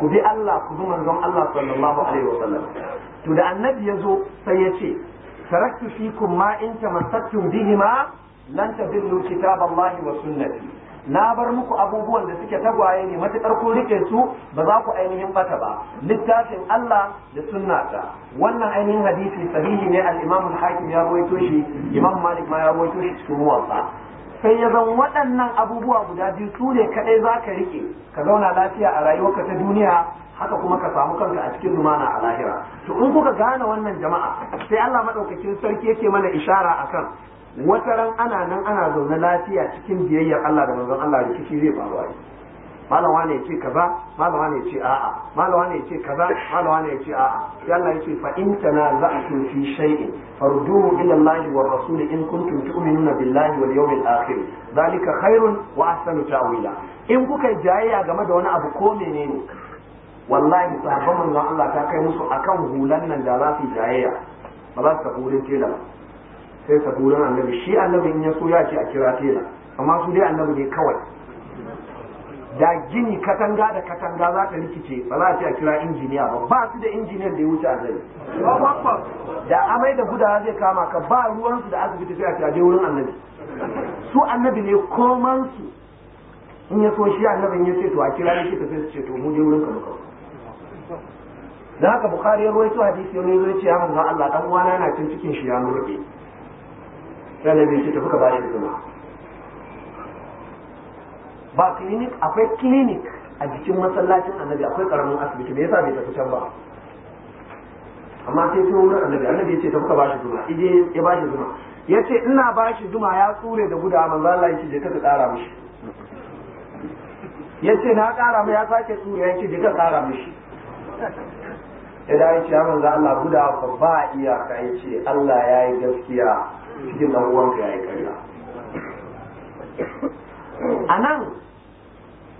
ku bi Allah ku bi manzon Allah sallallahu alaihi to da annabi ya zo sai ya ce taraktu fikum ma in tamassaktum bihima lan tadillu kitaballahi wa sunnati na bar muku abubuwan da suke tagwaye ne matukar kun rike su ba za ku ainihin bata ba littafin Allah da sunnata wannan ainihin hadisi sahihi ne al-Imam al-Hakim ya rawaito shi Imam Malik ma ya rawaito shi cikin muwatta sai ya zan waɗannan abubuwa guda biyu su ne kaɗai za ka rike ka zauna lafiya a rayuwarka ta duniya haka kuma ka samu kanka a cikin lumana a lahira to in kuka gane wannan jama'a sai Allah madaukakin sarki yake mana ishara akan wataran ana nan ana zaune lafiya cikin biyayyar Allah da manzon Allah rikici zai faru malam wani ya ce kaza malam wani ya ce a'a malam wani ya ce kaza malam wani ya ce a'a sai Allah ya fa in tanaza'tum fi shay'in farduhu ila Allah wa rasul in kuntum tu'minuna billahi wal yawmil akhir zalika khairun wa ahsanu ta'wila in kuka jayayya game da wani abu ko menene wallahi sahabban manzon Allah ta kai musu akan hulan nan da za su jayayya ba za su tafi wurin tela sai tafi wurin annabi shi annabi in ya so ya ce a kira tela amma su dai annabi ne kawai da gini katanga da katanga za ta rikice ba za a ce a kira injiniya ba ba su da injiniyan da ya wuce a zai da amai da gudawa zai kama ka ba ruwansu da fita sai a kira je wurin annabi su annabi ne komansu in ya so shi annabin ya ce to a kira ne ta sai su ce to mu je wurin ka muka da haka bukari ya rawaito hadisi ya rawaito ce manzo Allah dan uwana yana cin cikin shi ya murke sai annabi ya ce tafi ka bani da ba clinic akwai clinic a jikin masallacin annabi akwai karamin asibiti me yasa bai tafi can ba amma sai tuno wurin annabi annabi yace tafi ka bashi zuma ije ya bashi zuma yace ina bashi zuma ya tsure da gudawa manzo Allah yace je ka tsara mishi yace na tsara mai ya sake tsure yace je ka tsara mishi idan yace ya manzo Allah gudawa ba iya ka yace Allah yayi gaskiya cikin dan uwanka yayi karya a nan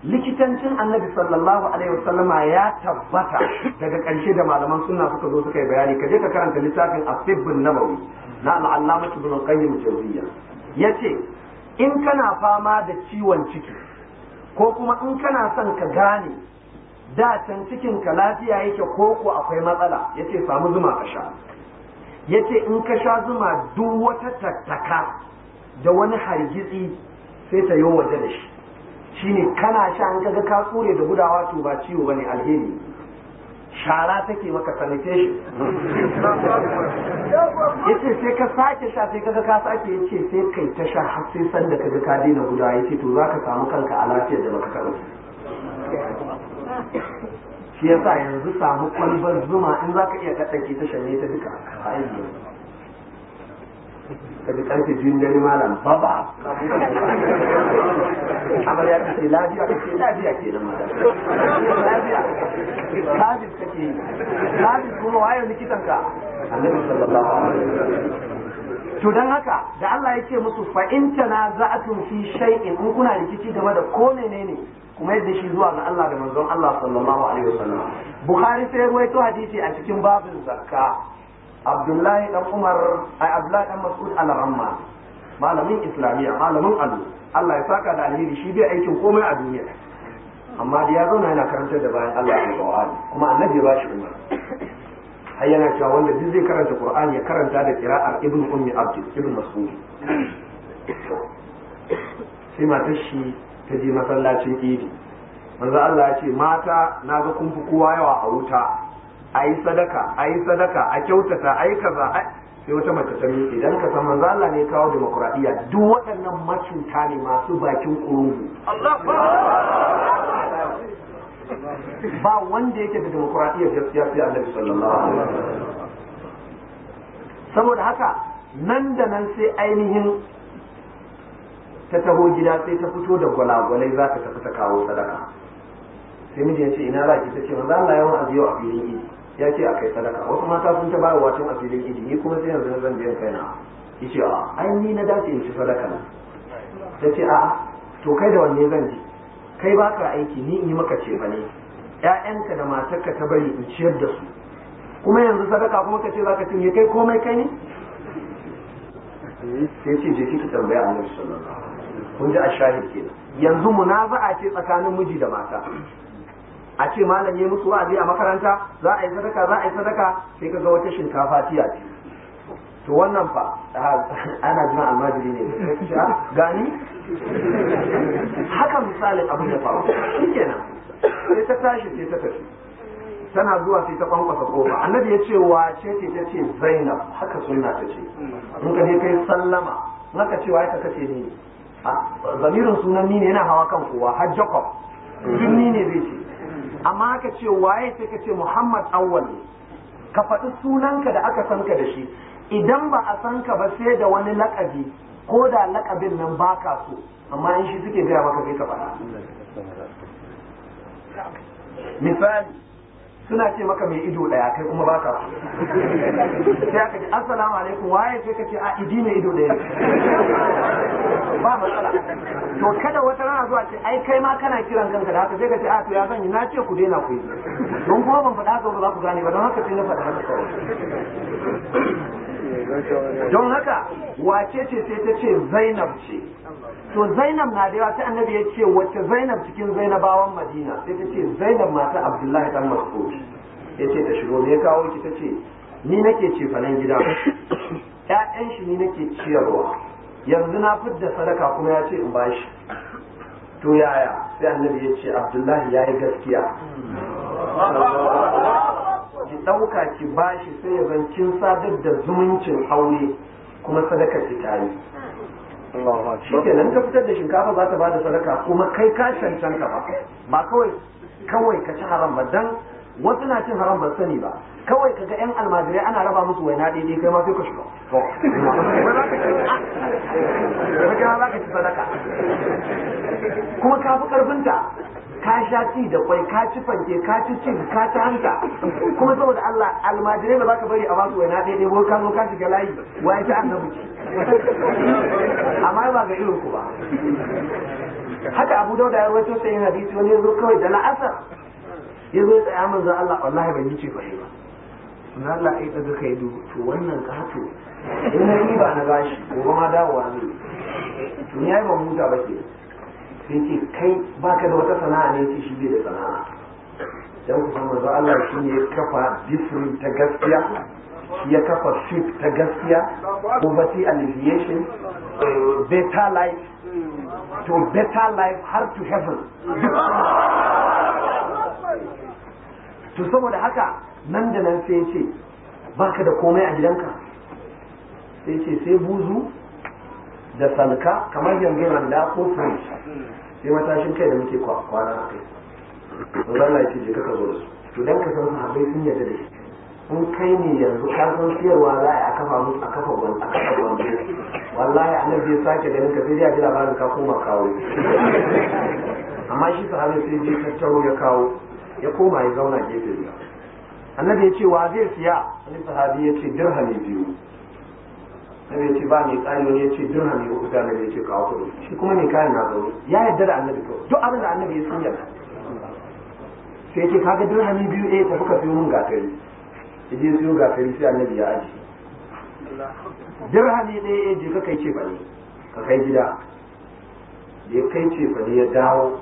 likitancin annabi sallallahu alaihi wasallama ya tabbata daga ƙarshe da malaman suna suka zo suka yi bayani kaje ka karanta littafin asibbin nabawi na al'allama ibn qayyim jawziya yace in kana fama da ciwon ciki ko kuma in kana son ka gane da can cikin ka lafiya yake ko ko akwai matsala yace samu zuma ka sha yace in ka sha zuma duk wata tattaka da wani hargitsi sai ta yi waje da shi shi ne kana sha an kaga ka tsure da gudawa to ba ciwo bane alheri shara take maka sanitation ce sai ka sake sha sai kaga ka sake yace sai kai ta sha har sai san da kaga ka daina gudawa yace to za ka samu kanka a lafiyar da baka karo shi yasa yanzu samu kwalbar zuma in za ka iya ke ta shanye ta duka a daga karfe biyun dare malam baba amarya ta ce lafiya ka ce lafiya ke nan mata lafiya sabis kake yi sabis kuma waye likitan ka annabi sallallahu alaihi wasallam to dan haka da Allah ya ce musu fa in tanaza'atum fi shay'in in kuna rikici game da ko menene kuma yadda shi zuwa ga Allah da manzon Allah sallallahu alaihi wasallam Bukhari sai ruwaito hadisi a cikin babin zakka abdullahi dan umar ai abdullahi dan mas'ud al-ramma malamin islamiyya malamin allo Allah ya saka da alheri shi bai aikin komai a duniya amma da ya zauna yana karantar da bayan Allah ya Qur'ani kuma annabi ya bashi umar har yana cewa wanda duk zai karanta Qur'ani ya karanta da qira'ar Ibn ummi abd ibn mas'ud sai matar shi ta je masallacin idi manzo Allah ya ce mata na ga kun fi kowa yawa a wuta a sadaka a sadaka a kyautata a yi kaza sai wata mace ta miƙe idan ka san manzo Allah ne kawo demokradiyya duk waɗannan macuta ne masu bakin kurungu ba wanda yake da demokradiyya gaskiya sai Annabi sallallahu alaihi wasallam saboda haka nan da nan sai ainihin ta taho gida sai ta fito da gwalagwalai za ta tafi ta kawo sadaka sai mijin ce ina za ki ta ce manzo Allah yawan aziyo a filin idi ya ce a kai sadaka wasu mata sun ta ba wa tun asirin filin ni kuma sai yanzu zan je kai na ce a ai ni na dace in ci sadaka na ta ce a to kai da wanne zan ji kai ba ka aiki ni in yi maka ce ba ne ƴaƴanka da matarka ta bari in ciyar da su kuma yanzu sadaka kuma ka ce za ka cinye kai komai kai ne sai ce je ki tambaya annabi sallallahu alaihi wasallam kun ji a shahid kenan yanzu munaza'a ce tsakanin miji da mata a ce malam ya musu wa'azi a makaranta za a yi sadaka za a yi sadaka sai ka ga wata shinkafa tiya ce to wannan fa ana jin almajiri ne gani haka misalin abin da faru shikenan sai ta tashi sai ta tafi tana zuwa sai ta kwankwasa kofa annabi ya ce wa ce ta ce zainab haka sunna ta ce in ka je kai sallama Naka ce wa ka kace ni zamirin sunan ni ne yana hawa kan kowa har jacob duk ni ne zai ce amma aka ce waye sai ka ce Muhammad awwal ka faɗi sunanka da aka sanka da shi idan ba a san sanka ba sai da wani lakabi ko da lakabin nan baka so amma in shi suke gaya maka kai ka faɗa misali suna ce maka mai ido daya kai kuma ka sai aka ce assalamu alaikum waye sai ka ce a idi mai ido daya ba matsala to kada wata rana zuwa ce ai kai ma kana kiran kanka da haka sai ka ce a to ya zanyi na ce ku daina ku yi don kuma ban faɗa ka ba za ku gane ba don haka sai na faɗa haka don haka wace ce sai ta ce zainab ce to zainab na da yawa sai annabi ya ce wacce zainab cikin zainabawan madina sai ta ce zainab mata abdullahi dan mas'ud ya ce ta shigo mai kawo ki ta ce ni nake ce fanan gida ƴaƴan shi ni nake ciyarwa yanzu na fidda sadaka kuma ya ce in bashi to yaya sai annabi ya ce abdullahi ya yi gaskiya ki ɗauka ki bashi sai ya zan kin sadar da zumuncin aure kuma sadaka ki tare. Shi ke nan ka fitar da shinkafa za ta ba da sadaka kuma kai ka cancanta ba ba kawai kawai ka ci haram ba dan wasu na cin haram ba sani ba kawai kaga yan almajirai ana raba musu waina daidai kai ma sai ka shiga kuma ka fi karfinta ka sha ci da kwai ka ci fanke ka ci cin ka ci hanta kuma saboda Allah almajirai da baka bari a wai waina ɗaya ɗaya ka zo ka shiga layi an ta ci amma ba ga irin ku ba haka Abu dauda ya rawaito sai hadisi wani zo kawai da la'asar zo ya tsaya zan Allah wallahi ban yi ce ba na Allah ya daga kai du to wannan kato in na yi ba na gashi gobe ma dawowa ne to ni ai ban huta ba ke sai kai kai baka da wata sana'a ne ce shi bai da sana'a dan samu manzo Allah shi ne ya kafa different ta gaskiya shi ya kafa fit ta gaskiya poverty alleviation eh, better life to better life har to heaven to saboda haka nan da nan sai ce baka da komai a gidanka sai ce sai buzu da salka kamar yanzu randa ko sun sai matashin kai da muke kwana a kai to zan lafi je ka zo da su to don ka san sahabbai sun yadda da shi in kai ne yanzu ka san siyarwa za a kafa musu a kafa gwan a kafa gwan wallahi nan zai sake ganin ka sai dai a ji labarin ka koma kawo amma shi sahabi sai je tattaro ya kawo ya koma ya zauna gefe guda annabi ya ce wa zai siya wani sahabi ya ce dirhami biyu sai ce ba mai tsari wani ya ce dirham ya uku sai annabi ya ce kawo kuɗi shi kuma mai kayan na zaune ya yarda da annabi kawai duk abin da annabi ya sun yarda sai ce kaga dirhami biyu eh tafi ka siyo mun gatari ya je siyo gafari sai annabi ya aji dirhami ɗaya eh je ka kai ce ba ne ka kai gida ya kai ce ba ne ya dawo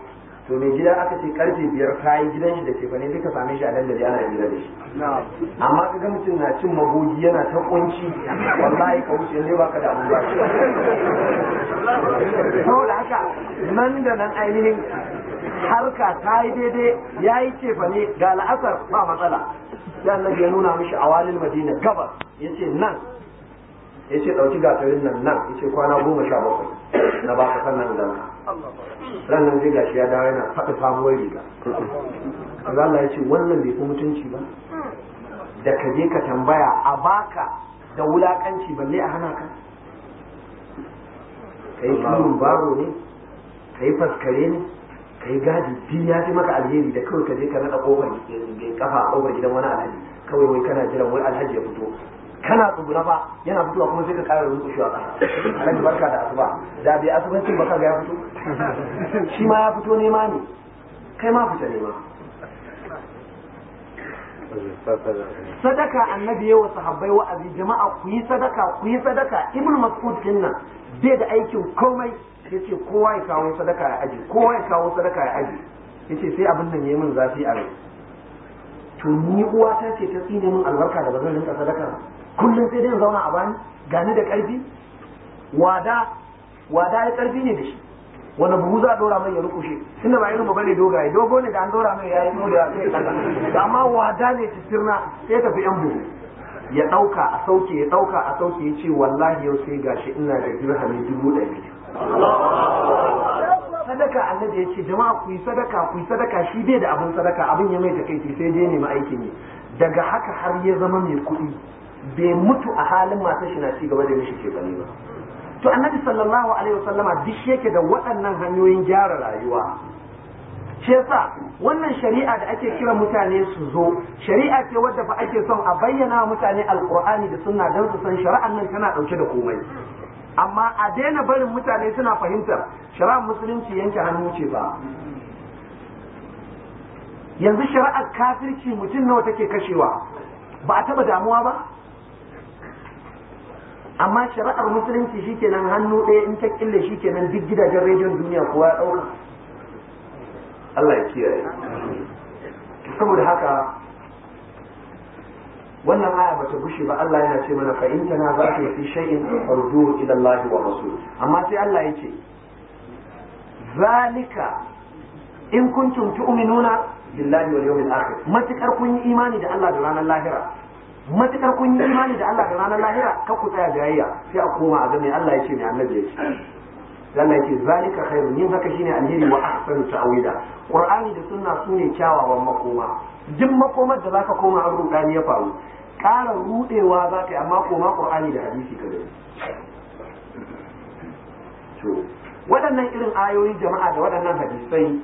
to mai gida aka ce karfe biyar kayi gidan shi da ke ne duka sami shi a nan da ana gida da shi amma ka ga mutum na cin magogi yana ta kunci wallahi ka wuce ne baka da abubuwa da haka nan da nan ainihin harka ta yi daidai ya yi cefa ne ga la'asar ba matsala sai annabi ya nuna mishi walin madina gabas ya ce nan ya ce ɗauki gatarin nan nan ya ce kwana goma sha bakwai na ba ka sannan ganka ran nan zai gashi ya dawo yana faɗi samuwar riga kaza Allah ya wannan bai fi mutunci ba da ka je ka tambaya a baka da wulakanci balle a hana ka kai tulun baro ne kai faskare ne kai gadi biyu ya fi maka alheri da kawai ka je ka naɗa kofar kafa kofar gidan wani alhaji kawai wai kana jiran wai alhaji ya fito kana tsugura ba yana fitowa kuma sai ka kare wani shi a ƙasa alhaji barka da asuba da bai asubancin ba kaga ya fito shi ma ya fito nema ne kai ma fita nema sadaka annabi yawa sahabbai wa'azi jama'a ku yi sadaka ku yi sadaka ibn mas'ud dinnan bai da aikin komai yace kowa ya kawo sadaka ya aji kowa ya kawo sadaka ya aji yace sai abin nan yayin mun zafi a rai to ni uwa ta ce ta tsine min albarka da bazan rinka sadaka kullum sai dai zauna a bani gani da ƙarfi wada wada ya ƙarfi ne da shi wanda buhu za a dora mai ya rukushe da ba irin mu bane dogaye dogo ne da an dora mai ya yi dogaye sai kaza amma wada ne sirna sai tafi yan buhu ya ɗauka a sauke ya ɗauka a sauke ya ce wallahi yau sai gashi ina da mai dubu ɗari sadaka annabi ya ce jama'a ku yi sadaka ku yi sadaka shi bai da abin sadaka abin ya mai takaici sai dai nemi aikin yi daga haka har ya zama mai kuɗi bai mutu a halin masu shi na ci gaba da mishi ke bane ba to annabi sallallahu alaihi wasallama duk yake da waɗannan hanyoyin gyara rayuwa shi yasa wannan shari'a da ake kira mutane su zo shari'a ce wadda fa ake son a bayyana mutane alqur'ani da sunna dan su san shari'an nan tana dauke da komai amma a daina barin mutane suna fahimtar shari'ar musulunci yanke hannu ce ba yanzu shari'ar kafirci mutum nawa take kashewa ba a taba damuwa ba amma shari'ar musulunci shikenan hannu ɗaya in ta kille shikenan duk gidajen rediyon duniya kowa ya ɗauka Allah ya kiyaye saboda haka wannan aya bata bushe ba Allah yana ce mana fa in kana za ka fi shay'in fardu ila Allah wa rasul amma sai Allah ya ce zalika in kuntum tu'minuna billahi wal yawmil akhir matakar kun yi imani da Allah da ranar lahira matukar kun yi imani da Allah da ranar lahira ka ku tsaya da yayya sai a koma a ga Allah ya ce mai annabi ya ce Allah ya ce zalika khairun yin haka shine alheri wa ahsanu ta'wida qur'ani da sunna sune kyawawan makoma duk makomar da zaka koma a rudani ya faru ƙara rudewa za ka yi amma koma qur'ani da hadisi ka gani waɗannan irin ayoyi jama'a da waɗannan hadisai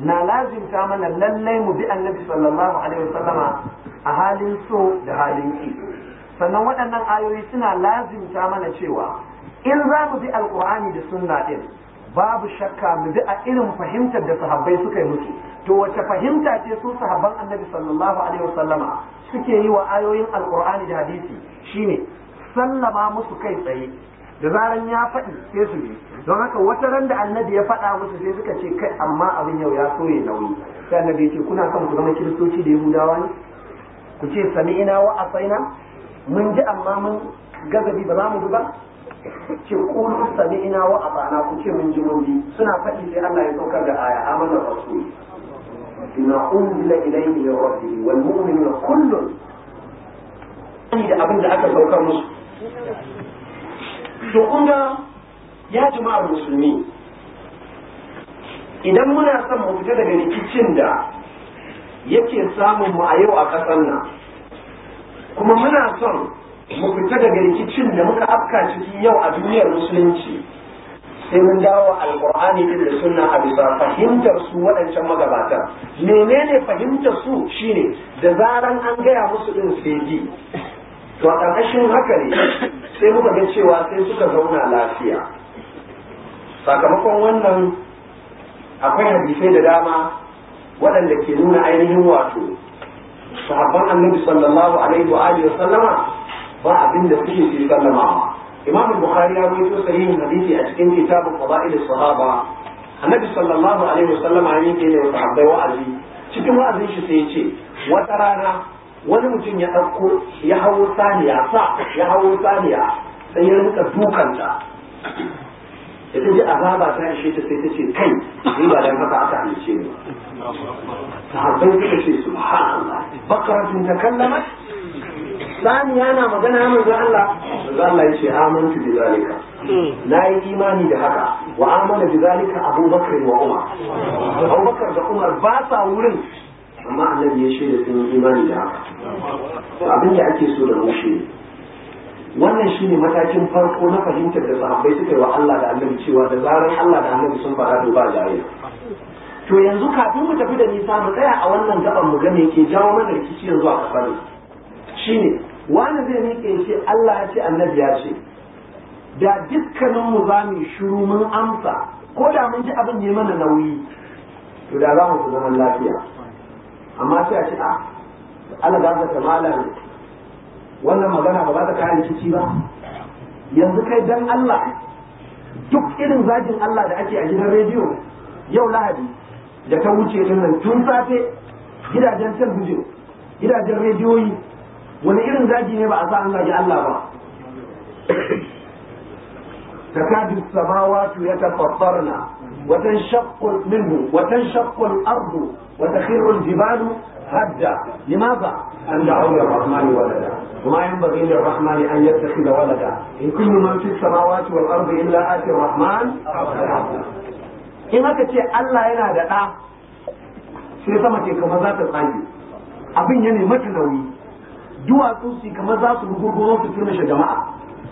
na lazimta mana lallai mu bi annabi sallallahu alaihi wasallama a halin so da halin ki sannan waɗannan ayoyi suna lazimta mana cewa in za mu bi alkur'ani da sunna din babu shakka mu bi a irin fahimtar da sahabbai suka yi musu to wace fahimta ce su sahabban annabi sallallahu alaihi wasallama suke yi wa ayoyin alkur'ani da hadisi shine sallama musu kai tsaye da zaran ya faɗi sai su bi don haka wata ran da annabi ya faɗa musu sai suka ce kai amma abin yau ya so ya nauyi sai annabi ya ce kuna son ku zama kiristoci da yahudawa ne ku ce sami'ina wa asaina mun ji amma mun gazabi ba za mu ji ba ce kulu sami'ina wa ata'na ku ce mun ji mun ji suna faɗi sai Allah ya saukar da aya amana rasul inna unzila ilayhi min rabbihi wal mu'minuna kullun da abin da aka saukar musu to kun ga ya jama'ar musulmi idan muna son mu fita daga rikicin da yake samun mu a yau a ƙasar nan kuma muna son mu fita daga rikicin da muka afka ciki yau a duniyar musulunci sai mun dawo alkur'ani din da sunna a bisa fahimtar su waɗancan magabatan menene fahimtar su shine da zaran an gaya musu ɗin sai to a ƙarƙashin haka ne sai muka ga cewa sai suka zauna lafiya sakamakon wannan akwai hadisai da dama waɗanda ke nuna ainihin wato sahabban annabi sallallahu alaihi wa alihi wa sallama ba abin da suke shi sallamawa imam bukhari ya rawaito sahihin hadisi a cikin kitabul fadail sahaba annabi sallallahu alaihi wa sallama ya yake ne sahabbai wa'azi cikin wa'azin shi sai ya ce wata rana wani mutum ya ɗauko ya hawo saniya sa ya hawo saniya sai ya rika dukanta ita ji azaba ta ishe ta sai ta ce kai ni ba dan haka aka halice ni ba sahabbai suka ce subhanallah bakaratun ta kallama sani yana magana manzo Allah manzo Allah yace amantu bi zalika na yi imani da haka wa amana bi zalika Abu Bakr wa Umar Abu da Umar ba sa wurin amma annabi ya shaida sun imani da haka abin da ake so da mushi wannan shine matakin farko na fahimtar da sahabbai suka yi wa Allah da Annabi cewa da zarar Allah da Annabi sun fara da ba jayayya to yanzu kafin mu tafi da nisa mu tsaya a wannan gaban mu ga me ke jawo mana rikici yanzu a kasar shine wani zai miƙe ce Allah ya ce Annabi ya ce da dukkanin mu za mu shiru mun amsa ko da mun ji abin ne mana nauyi to da za mu zama lafiya amma sai a ce a ah, Allah za ka kamala wannan magana ba za ta kare rikici ba yanzu kai dan Allah duk irin zagin Allah da ake a gidan rediyo yau lahadi da ta wuce din nan tun safe gidajen talbijin gidajen rediyoyi wani irin zagi ne ba a sa an zagi Allah ba تكاد السماوات يتفطرن وتنشق منه وتنشق الأرض وتخر الجبال هدا لماذا؟ أن دعوا an ولدا وما ينبغي للرحمن أن يتخذ ولدا إن كل من في السماوات والأرض إلا آتي الرحمن in haka ce Allah yana da ɗa sai sama ce kamar za ta tsage abin ya nema ta nauyi duwatsu su kamar za su rugurguro su turmushe jama'a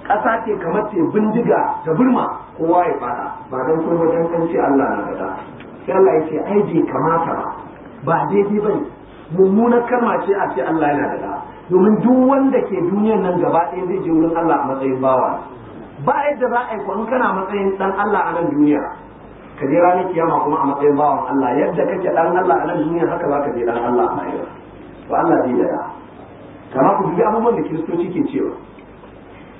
ƙasa ce kama ce bindiga da birma kowa ya fara ba don kuma wajen kanci Allah na da ɗa sai Allah ya ce ai bai kamata ba ba bane mummunar kama ce a ce Allah yana da da domin duk wanda ke duniyar nan gaba ɗaya zai je wurin Allah a matsayin bawa ba yadda za a yi in kana matsayin dan Allah a nan duniya ka je ranar kiyama kuma a matsayin bawan Allah yadda kake dan Allah a nan duniya haka za ka je dan Allah a lahira to Allah zai da kama ku bi abubuwan da kiristoci ke cewa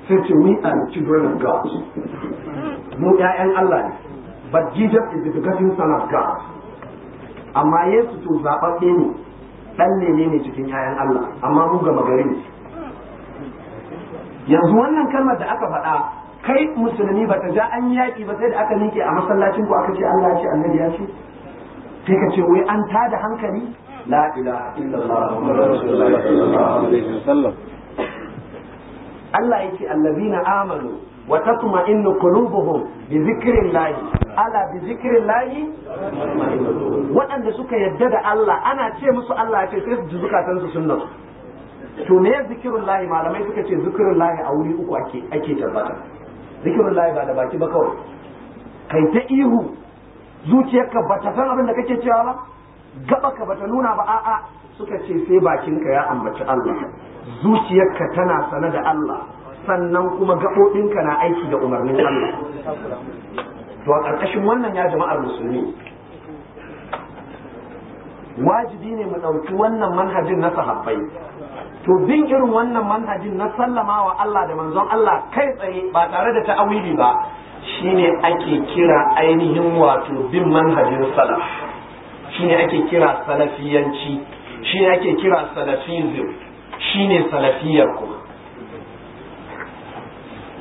sai ce we are children of God mu ƴaƴan Allah ne but Jesus is the begotten son of God amma Yesu to zaɓaɓɓe ne dan ne ne cikin yayan Allah amma mu ga magari ne yanzu wannan kalmar da aka faɗa kai musulmi ba ta ja an yaƙi ba sai da aka miƙe a masallacin ku aka ce Allah ce annabi ya ce sai ka ce wai an tada hankali la ilaha illallah muhammadur rasulullah sallallahu alaihi wasallam Allah yake allazina amanu Wasasuma inni kunu buhun bi zikirin layi. Ala bi Waɗanda suka yadda da Allah, ana ce musu Allah ya ce sai su ji zukatansu tunanin. Tumai zikirin layi malamai suka ce zikirin a wuri uku ake ta. Zikirin layi ba da baki ba kawai. Kai ta ihu. Zuciyarka bata san abin da kake cewa ba. Gaba ka bata nuna ba a'a suka ce sai bakinka ya ambaci Allah. Zuciyarka tana sane da Allah. sannan kuma gaɓoɗinka na aiki da umarnin Allah to a ƙarƙashin wannan ya jama'ar musulmi wajibi ne mu ɗauki wannan manhajin na sahabbai to bin irin wannan manhajin na sallama wa Allah da manzon Allah kai tsaye ba tare da ta'awili ba shine ake kira ainihin wato bin manhajin salaf shine ake kira salafiyanci shine ake kira salafizm shine salafiyar kuma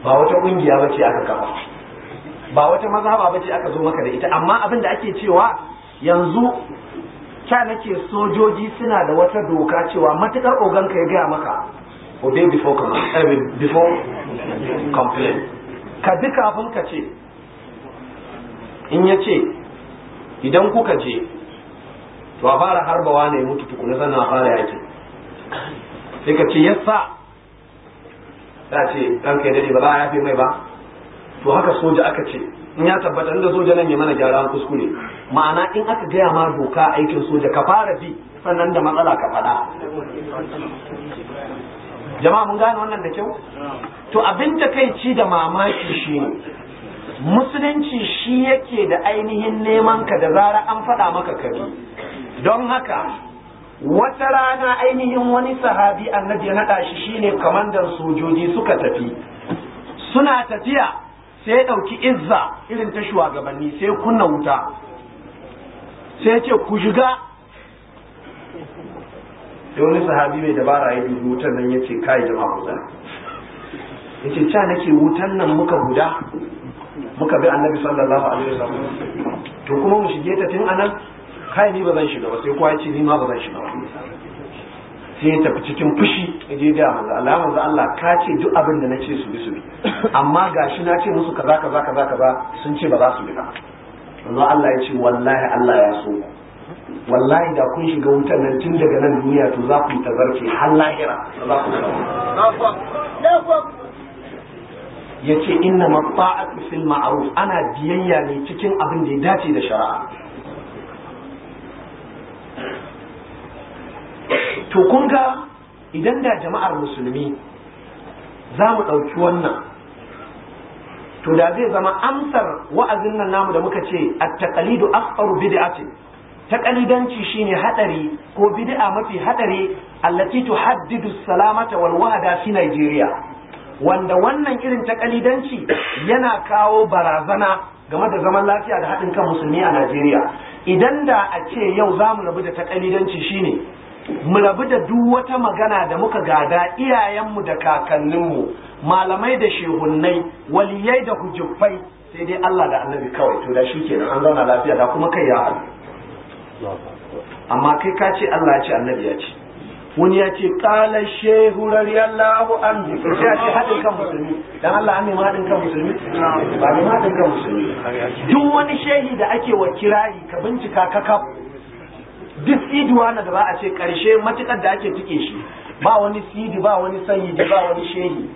ba wata kungiya ce aka kafa ba wata mazhaba ce aka zo maka da ita amma abin da ake cewa yanzu ta nake sojoji suna da wata doka cewa matukar oganka ya gaya maka obey before complain eh, before complain ka bi kafin ka ce in ya ce idan kuka je to a fara harbawa ne mutu tukuna sannan a fara yaki sai ka ce yasa ya ce ɗan ya dade ba za a yafe mai ba to haka soja aka ce in ya tabbata inda soja nan ya mana gyara an kuskure ma'ana in aka gaya ma doka aikin soja ka fara bi sannan da matsala ka faɗa jama'a mun gane wannan da kyau to abin da kai ci da mamaki shi ne musulunci shi yake da ainihin neman ka da zara an faɗa maka kabi don haka wata rana ainihin wani sahabi annabi ya naɗa shi shine kamandan sojoji suka tafi suna tafiya sai ya ɗauki izza irin ta shugabanni sai kunna wuta sai ce ku shiga sai wani sahabi mai dabara ya dubi wutan nan ya ce kai jama'a guda ya ce ca nake wutan nan muka guda muka bi annabi sallallahu alaihi wasallam to kuma mu shige ta tun anan kai ni ba zan shiga ba sai kowa ya ce ni ma ba zan shiga ba sai ya tafi cikin fushi je ga manzo Allah manzo Allah ka ce duk abin da nace su bi su bi amma gashi na ce musu kaza kaza kaza kaza sun ce ba za su bi ba manzo Allah ya ce wallahi Allah ya so wallahi da kun shiga wutar nan tun daga nan duniya to za ku yi tazarce har lahira za ku ya ce inna a fil ma'ruf ana biyayya ne cikin abin da ya dace da shara'a to kun ga idan da jama'ar musulmi za mu ɗauki wannan to da zai zama amsar wa'azin nan namu da muka ce at-taqlidu ce, takalidanci taqalidanci shine haɗari ko bid'a mafi hadari allati tuhaddidu salamata wal wahda fi Najeriya wanda wannan irin taqalidanci yana kawo barazana game da zaman lafiya da haɗin kan musulmi a Najeriya idan da a ce yau za mu rabu da takalidanci shine mu rabu da duk wata magana da muka gada iyayenmu da kakanninmu malamai da shehunnai waliyai da hujjuffai sai dai Allah da annabi kawai to da shi kenan an zauna lafiya da kuma kai ya haɗu amma kai ka ce Allah ya ce annabi ya ce wani ya ce kala shehu radiyallahu anhu sai ya ce haɗin kan musulmi dan Allah an nemi haɗin kan musulmi ba nemi haɗin kan musulmi duk wani shehi da ake wa kirari ka bincika ka kafu duk siduwa na da za a ce karshe matukar da ake tuke shi ba wani sidi ba wani da ba wani shehi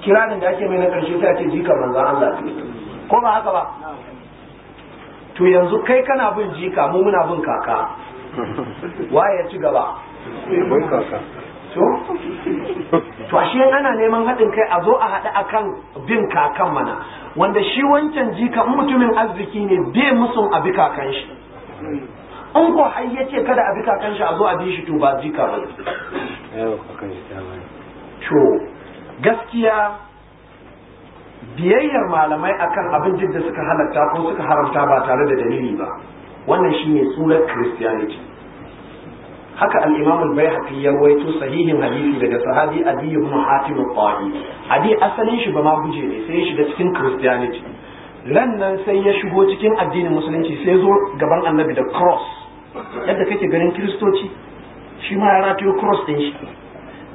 kiranin da ake mai na karshe sai a ce jikar manzan Allah ko ba haka ba to yanzu kai kana bin jika mu muna bin kaka waye ya ci gaba bin kaka to to ashe ana neman haɗin kai a zo a haɗu kan bin kakan mana wanda shi wancan jika mutumin arziki ne bai musun abi kakan shi in ko har ya ce kada a bi kakan shi a zo a bi shi to ba ka ba to gaskiya biyayyar malamai akan abin da suka halatta ko suka haramta ba tare da dalili ba wannan shine surar christianity haka al-imam al bayhaqi ya waito sahihin hadisi daga sahabi adi ibn hatim al qadi adi asalin shi ba ma guje ne sai ya shiga cikin christianity lannan sai ya shigo cikin addinin musulunci sai zo gaban annabi da cross yadda kake ganin kiristoci shi ma ya ratayo cross din shi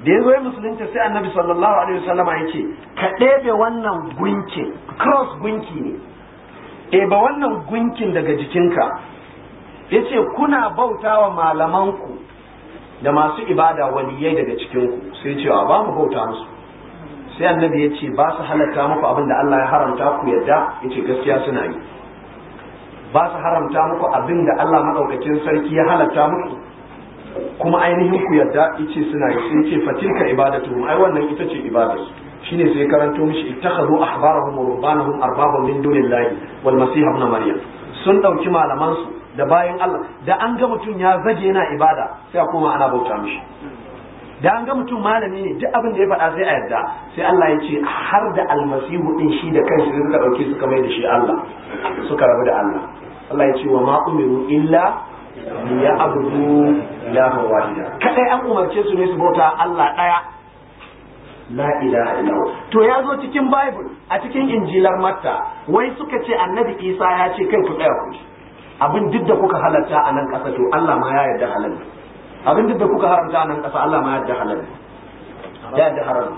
da ya zo musulunci sai annabi sallallahu alaihi wasallam ya ce ka ɗebe wannan gunkin cross gunki ne ba wannan gunkin daga jikinka ya ce kuna bauta wa malamanku da masu ibada waliyai daga cikinku sai ce ba mu bauta musu sai annabi ya ce ba su halatta muku abin da Allah ya haramta ku yadda ya ce gaskiya suna yi ba su haramta muku abin da Allah maɗaukakin sarki ya halatta muku kuma ainihin ku yadda ice suna yi sai ce fatilka ibadatuhum ai wannan ita ce ibadarsu shine sai karanto mishi ittakhadhu ahbarahum wa rubbanahum arbaban min dunillahi wal masih ibn maryam sun dauki malaman su da bayan Allah da an ga mutum ya zage yana ibada sai a koma ana bauta mishi da an ga mutum malami ne duk abin da ya faɗa sai a yarda sai Allah ya ce har da almasihu din shi da kanshi suka dauke suka mai da shi Allah suka rabu da Allah Allah ya ce wa ma umiru illa ya abudu ilaha wahida kadai an umarce su ne su bauta Allah daya la ilaha illa to ya zo cikin bible a cikin injilar matta wai suka ce annabi isa ya ce kai ku tsaya ku abin duk da kuka halatta a nan kasa to Allah ma ya yarda halalta abin duk da kuka haramta a nan ƙasa Allah ma ya yadda halal ya da haram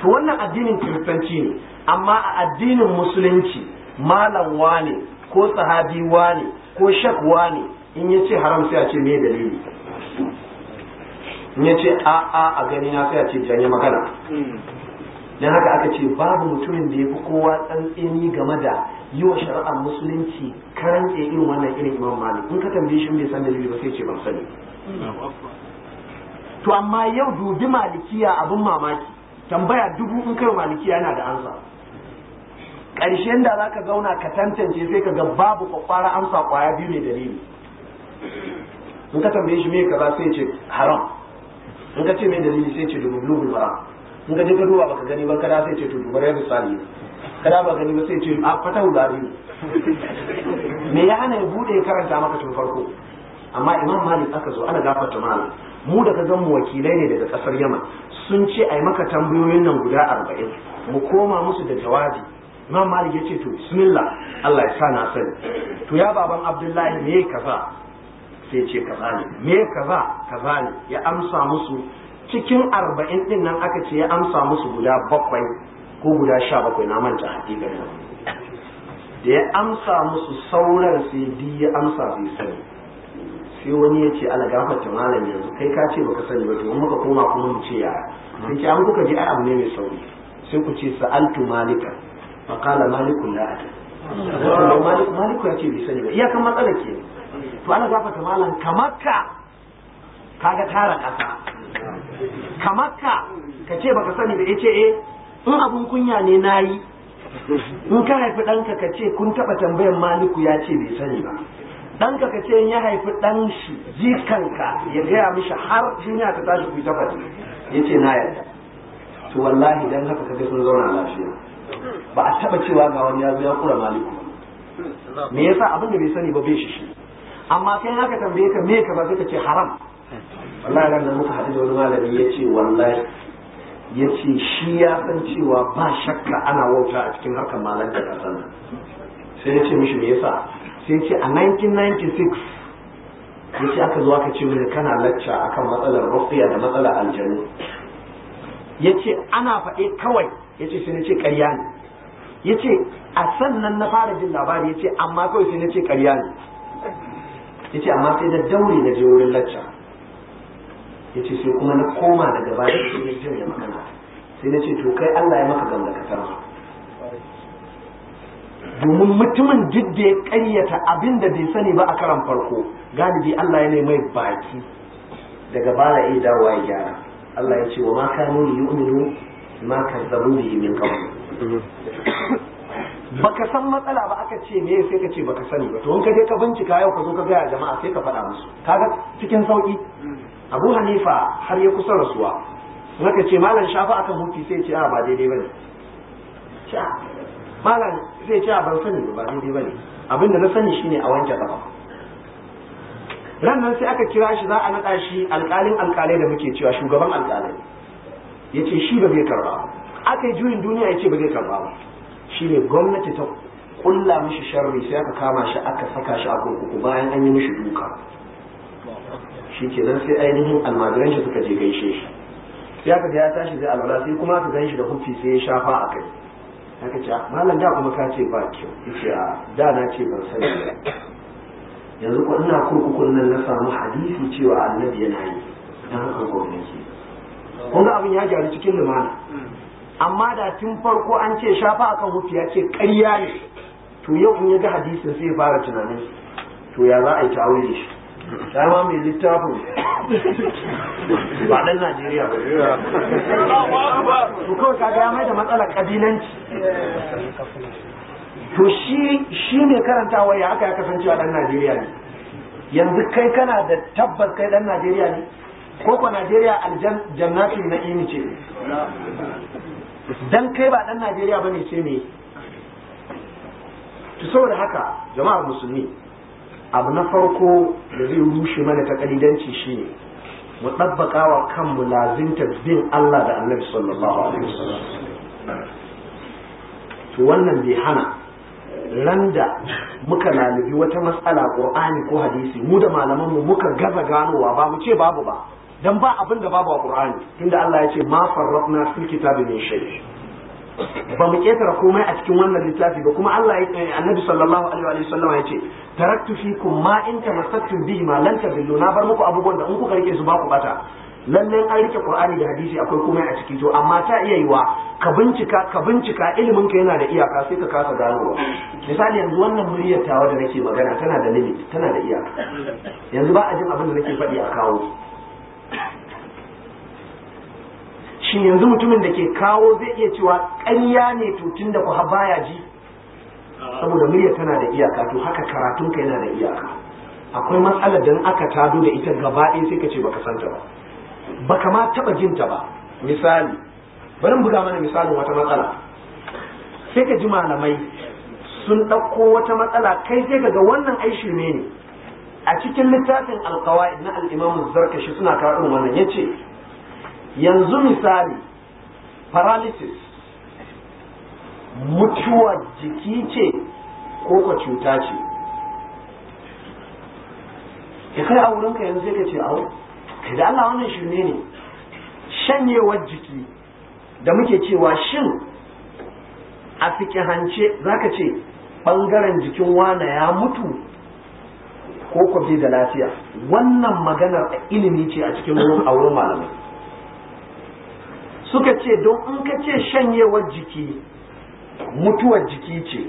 to wannan addinin kiristanci ne amma a addinin musulunci malam wane ko sahabi wane ko shak wane in ya ce haram sai a ce me dalili in ya ce a a a gani na sai a ce janye magana hmm. dan haka aka ce babu mutumin da ya fi kowa tsantseni game da yi wa shari'a musulunci ke irin wannan irin imam malik in ka tambaye shi bai san dalili ba sai ce ban sani to amma yau dubi malikiya abin mamaki tambaya dubu in kai malikiya yana da ansa ƙarshen da za ka zauna ka tantance sai ka ga babu kwakwara amsa kwaya biyu ne dalili in ka tambaye shi mai kaza sai ce haram in ka ce mai dalili sai ce dubu dubu haram in ka je ka duba baka gani ba kada sai ce to dubar ya misali kada ba gani ba sai ce a ah, fata biyu me ya hana ya bude karanta maka tun farko amma imam malik aka zo ana gafarta mana mu da ka mu wakilai ne daga kasar yama sun ce a yi maka tambayoyin nan guda arba'in mu koma musu da jawabi imam malik ya ce to bismillah allah ya sa na sani to ya baban abdullahi me kaza sai ce kaza ne me kaza kaza ne ya amsa musu cikin arba'in din nan aka ce ya amsa musu guda bakwai ko guda sha bakwai na manta hakikar da da ya amsa musu sauran sai di ya amsa sai sani sai wani ya ce ala gafarta malam yanzu kai ka ce baka sani ba to muka koma kuma mu ce yara sai ce an kuka ji abu ne mai sauri sai ku ce sa'altu malika fa qala malikun la ata maliku ya ce bai sani ba iyakan matsala ke to ala gafarta malam kamakka kaga tara kasa kamakka ka ce baka sani ba yace eh in abin kunya ne na yi in ka haifi ɗanka ka ce kun taɓa tambayan maliku ya ce bai sani ba ɗanka ka ce ya haifi ɗan shi jikanka ya gaya mishi har jinya ta tashi ku tabbata ya ce na yadda. to wallahi dan haka kaga sun zauna lafiya ba a taɓa cewa ga wani ya zo ya kura maliku me yasa abin da bai sani ba bai shi shi amma kai haka tambaye ka me ka ba sai ka ce haram wallahi ran da muka haɗu da wani malami ya ce wallahi ya ce shi ya san cewa ba shakka ana wauta a cikin harkar malar da ƙasar nan sai ya ce mishi me yasa sai ce a 1996 ya ce aka zo aka ce mini kana lacca akan matsalar rufiya da matsalar aljanu ya ce ana faɗe kawai ya ce sai na ce ƙarya ne ya ce a sannan na fara jin labari ya ce amma kawai sai na ce ƙarya ne ya ce amma sai da daure na je wurin lacca ya ce sai kuma na koma daga baya da sai ne ya magana sai na ce to kai Allah ya maka gamda ka sarma domin mutumin duk da ya karyata abin da bai sani ba a karan farko galibi Allah ya mai baki daga baya ya dawo ya gyara Allah ya ce wa ma kanu yu'minu ma kazzabu bihi min qabl baka san matsala ba aka ce me sai ka ce baka sani ba to in ka je ka bincika yau ka zo ka ga jama'a sai ka faɗa musu kaga cikin sauki abu hanifa har ya kusa rasuwa zaka ce malam shafa akan hutu sai ce a ah, ba daidai bane ah, malam sai ce a ah, ban sani ba daidai bane abinda na sani shine a wanke kafa rannan sai aka kira shi za a naɗa shi alƙalin alƙalai da muke cewa shugaban alƙalai ya ce shi ba zai karba aka yi juyin duniya ya ce ba zai karba ba shi ne gwamnati ta ƙulla mishi sharri sai aka kama shi aka saka shi a kurkuku bayan an yi mishi duka shi nan sai ainihin almajiran shi suka je gaishe shi ya ka ya tashi zai alwala sai kuma su gan shi da hufi sai ya shafa a kai aka ce ah, malam da kuma ka ce ba kyau yace a ah, da na ce ban sani ba yanzu ko ina kurkukun nan na samu hadisi cewa annabi yana yi dan haka gwamnati kun ga abin ya gyaru cikin lumana amma da tun farko an ce shafa akan hufi ya ce ƙarya ne to yau in ya ga hadisin sai ya fara tunanin to ya za a yi ta'awili shi dama mai littafin ba dan najeriya ba su kawai ka ya mai da matsalar kabilanci to shi shi ne karantawa ya aka ya kasancewa dan najeriya ne yanzu kai kana da tabbas kai dan najeriya ne ko ko najeriya na imi ce dan kai ba ɗan najeriya bane ce ne saboda haka jama'ar musulmi abu na farko da zai rushe mana ta kalidanci shine mu ɗabbaka wa kan lazimta bin Allah da Annabi sallallahu alaihi wasallam to wannan bai hana randa muka lalubi wata matsala Qur'ani ko hadisi mu da malaman mu muka gaza ganowa ba mu ce babu ba dan ba abin da babu a Qur'ani tunda Allah ya ce ma farrafna fil kitabi min shay'in ba mu ketara komai a cikin wannan littafi ba kuma Allah ya eh, annabi sallallahu alaihi wa sallam ya ce taraktu fikum ma in tamassaktum bihi ma lan tadillu na bar muku abubuwan da in kuka rike su ba ku bata lallai an rike qur'ani da hadisi akwai komai a ciki to amma ta iya yiwa ka bincika ka bincika ilimin ka yana da iyaka sai ka kasa ganowa misali yanzu wannan muryar tawa da nake magana tana da limit tana da iyaka yanzu ba a jin abin da nake faɗi a kawo shin yanzu mutumin da ke kawo zai iya cewa ƙarya ne tun da kuwa baya ji saboda murya tana da iyaka to haka karatun ka yana da iyaka akwai matsala don aka tado da ita gaba ɗaya sai ka ce baka santa ba baka ma taba jinta ba misali bari buga mana misalin wata matsala sai ka ji malamai sun ɗauko wata matsala kai sai ka ga wannan ai shirme ne a cikin littafin alkawai na al'imamu zarkashi suna karɓar wannan ya ce yanzu misali paralysis mutuwar jiki ce ko ka cuta ce ya kai a wurinka yanzu sai ka ce au kai da Allah wannan shirme ne shanyewar jiki da muke cewa shin a hance za ka ce ɓangaren jikin wana ya mutu ko bai da lafiya wannan maganar ilimi ce a cikin wurin auren malamai suka ce don in ka ce shanyewar jiki mutuwar jiki ce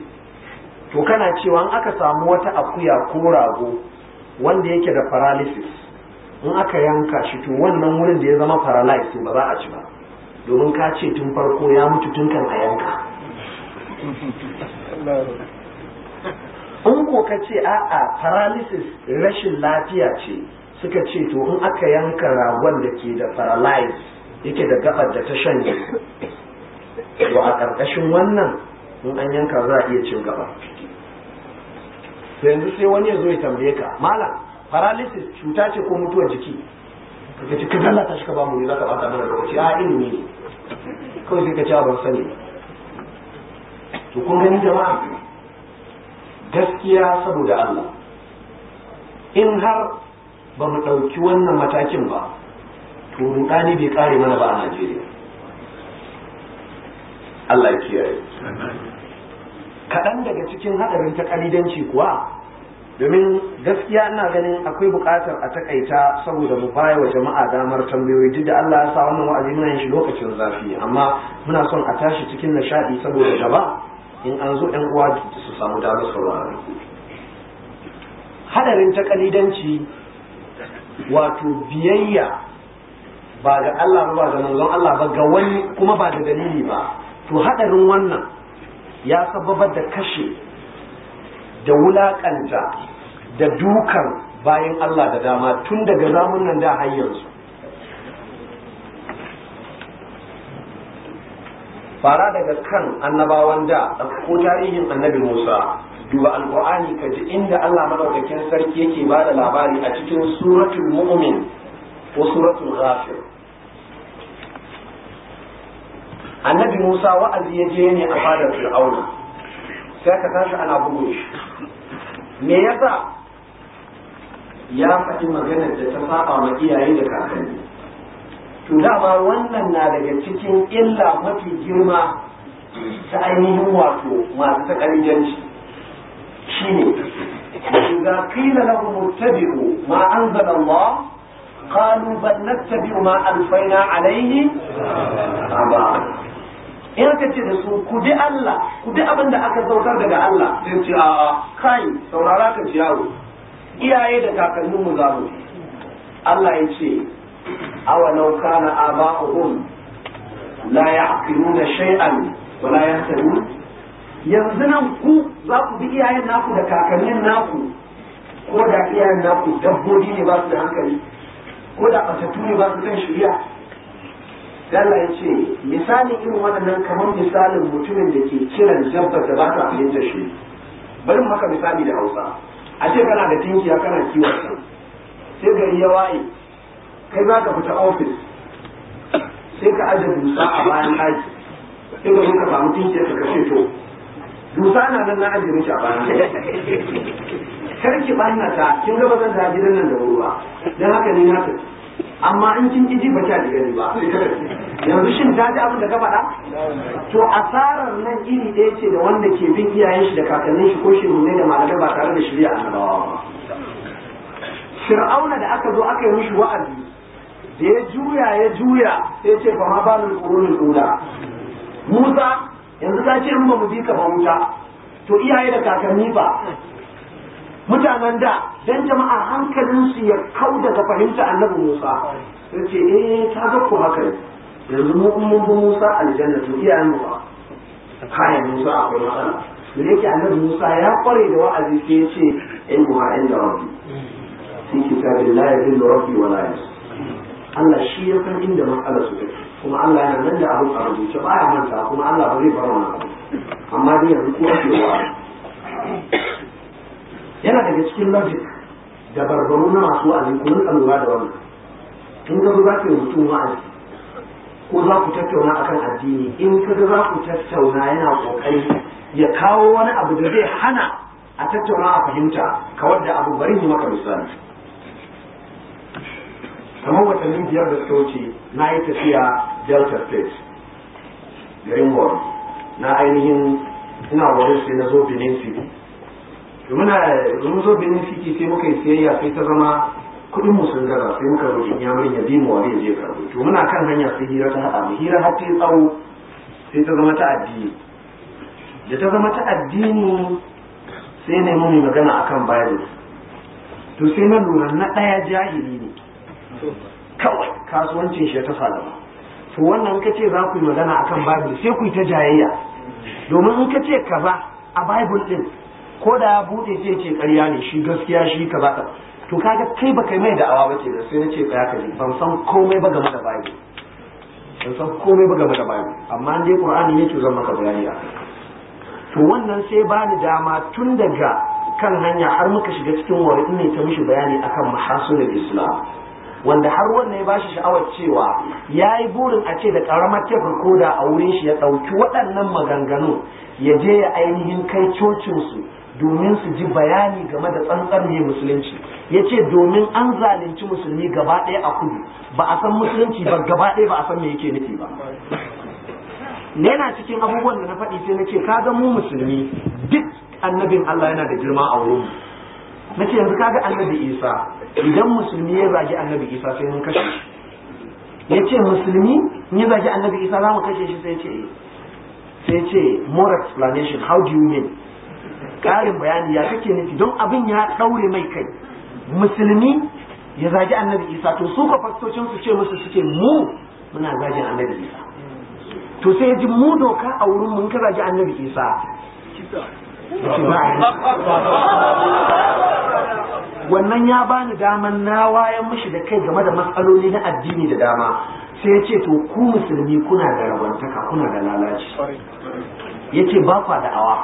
to kana cewa in aka samu wata akuya ko rago wanda yake da paralysis in aka yanka shi to wannan wurin da ya zama paralysis ba za a ci ba domin ka ce tun farko ya mutu tun kan a yanka in ko ka ce a'a paralysis rashin lafiya ce suka ce to in aka yanka ragon da ke da paralysis yake da gabar da ta shanye to a ƙarƙashin wannan in an yanka za a iya cin gaba yanzu sai wani ya zo ya tambaye ka malam paralysis cuta ce ko mutuwar jiki ka ce ka lalata shi ka ba mu ne za ka bata mana lokaci a ilimi ne kawai sai ka ci ban sani to kun gani jama'a gaskiya saboda Allah in har ba mu ɗauki wannan matakin ba to rudani bai kare mana ba a Najeriya Allah ya kiyaye kaɗan daga cikin haɗarin ta kalidanci kuwa domin gaskiya ina ganin akwai buƙatar a takaita saboda mu baya wa jama'a damar tambayoyi duk da Allah ya sa wannan wa'azi muna yin shi lokacin zafi amma muna son a tashi cikin nishaɗi saboda gaba in an zo ɗan uwa su samu damar saurara hadarin ta kalidanci wato biyayya ba ga Allah ba ga manzon Allah ba ga wani kuma ba da dalili ba to haɗarin wannan ya sababar da kashe da wulaƙanta da dukan bayan Allah da dama tun daga nan da har yanzu fara daga kan annabawan da ko tarihin annabi Musa duba alqur'ani ka ji inda Allah madaukakin sarki yake bada labari a cikin suratul mu'min ko suratul ghafir annabi musa wa'azi ya je ne a fadar fir'auna sai ka tashi ana bugun shi me yasa ya faɗi maganar da ta saba ma iyaye da kakanni to dama wannan na daga cikin illa mafi girma ta ainihin wato masu takalijanci shine إذا قيل لهم اتبعوا ما أنزل الله قالوا بل نتبع ما ألفينا عليه آباءنا in aka ce da su ku bi Allah ku bi abin da aka saukar daga Allah sai ce a kai saurara ka ci yaro iyaye da kakannin mu za mu Allah ya ce law kana aba'uhum la ya'qiluna shay'an wa la yahtadun yanzu nan ku za ku bi iyayen naku da kakannin naku ko da iyayen naku dabbobi ne ba su da hankali ko da su ne ba su kan shirya Allah ya ce misalin irin waɗannan kamar misalin mutumin da ke kiran jabbar da ba ta fahimta shi bari mu haka misali da Hausa a ce kana da ya kana kiwon ta sai gari ya waye kai za ka fita ofis sai ka aje dusa a bayan ɗaki sai ka zo ka samu tinki ka kashe to dusa na nan na aje miki a bayan ɗaki kar ki bani ta kin ga bazan zan da gidan nan da ruwa dan haka ne na tafi amma in kin ji ba ta gani ba yanzu shin ta ji abin da ka faɗa to asarar nan iri ɗaya ce da wanda ke bin iyayen shi da kakannin shi ko shi ne da malamai ba tare da shirya annabawa ba fir'auna da aka zo aka yi mishi wa'azi da ya juya ya juya sai ce ba ma ba mu qurunul ula Musa yanzu ta ce in ba mu bi ka ba wuta to iyaye da kakanni ba mutanen da dan jama'a hankalinsu ya kau daga fahimta annabi Musa ya ce eh ta ga ko haka yanzu mu mun bi Musa aljanna to iya mu ba kai Musa akwai matsala da yake annabi Musa ya kware da wa'azi sai ya ce in buha inda rabbi fi kitabin la da rabbi wa la Allah shi ya san inda matsalar su take kuma Allah yana nan da abu a rubuce ba ya manta kuma Allah ba zai bar wannan abu amma dai yanzu ko cewa yana daga cikin logic da barbaru na masu wa'azi kuma rinka lura da wannan in ga za ku mutum wa'azi ko za ku tattauna akan addini in ka za ku tattauna yana kokari ya kawo wani abu da zai hana a tattauna a fahimta kawar da abu bari yi maka misali kamar watanni biyar da suka wuce na yi tafiya delta state garin na ainihin ina warri sai na zo benin city muna mun zo binin ciki sai muka yi siyayya sai ta zama kuɗin mu sun gaza sai muka roƙi yamurin ya bi mu wani ya je karɓo to muna kan hanya sai hira ta haɗa mu hira har ta yi tsawo sai ta zama ta addini da ta zama ta addini sai ne yi magana akan bible to sai na lura na ɗaya jahili ne kawai kasuwancin shi ta salama to wannan ka ce za ku yi magana akan bible sai ku yi ta jayayya domin in ka ce kaza a bible din ko da ya bude zai ce ƙarya ne shi gaskiya shi ka ka to kaga kai ba kai mai da'awa ba da sai na ce tsaya ka ban san komai ba game da bayi ban san komai ba game da bayi amma dai qur'ani yake zan maka bayani a to wannan sai ba ni dama tun daga kan hanya har muka shiga cikin wani ne ta mishi bayani akan mahasulul islam wanda har wannan ya bashi sha'awar cewa ya yi burin a ce da karamar ko da a wurin shi ya ɗauki waɗannan maganganu ya je ya ainihin kai cocinsu domin su ji bayani game da tsantsar ne musulunci ya ce domin an zalunci musulmi gaba ɗaya a kudu ba a san musulunci ba gaba ɗaya ba a san me yake nufi ba yana cikin abubuwan da na faɗi sai na ce ka ga mu musulmi duk annabin Allah yana da girma a wurin na ce yanzu ka ga annabi Isa idan musulmi ya zagi annabi Isa sai mun kashe shi ya ce musulmi ya zagi annabi Isa za mu kashe shi sai ce eh. sai ce more explanation how do you mean ƙarin bayani ya kake nufi don abin ya ɗaure mai kai musulmi ya zagi annabi isa to su ka fastocin su ce musu suke mu muna zagin annabi isa to sai ya ji mu doka a wurin mun ka zagi annabi isa wannan ya bani daman na wayan mishi da kai game da matsaloli na addini da dama sai ya ce to ku musulmi kuna da rabantaka kuna da lalaci ya ce ba kwa da'awa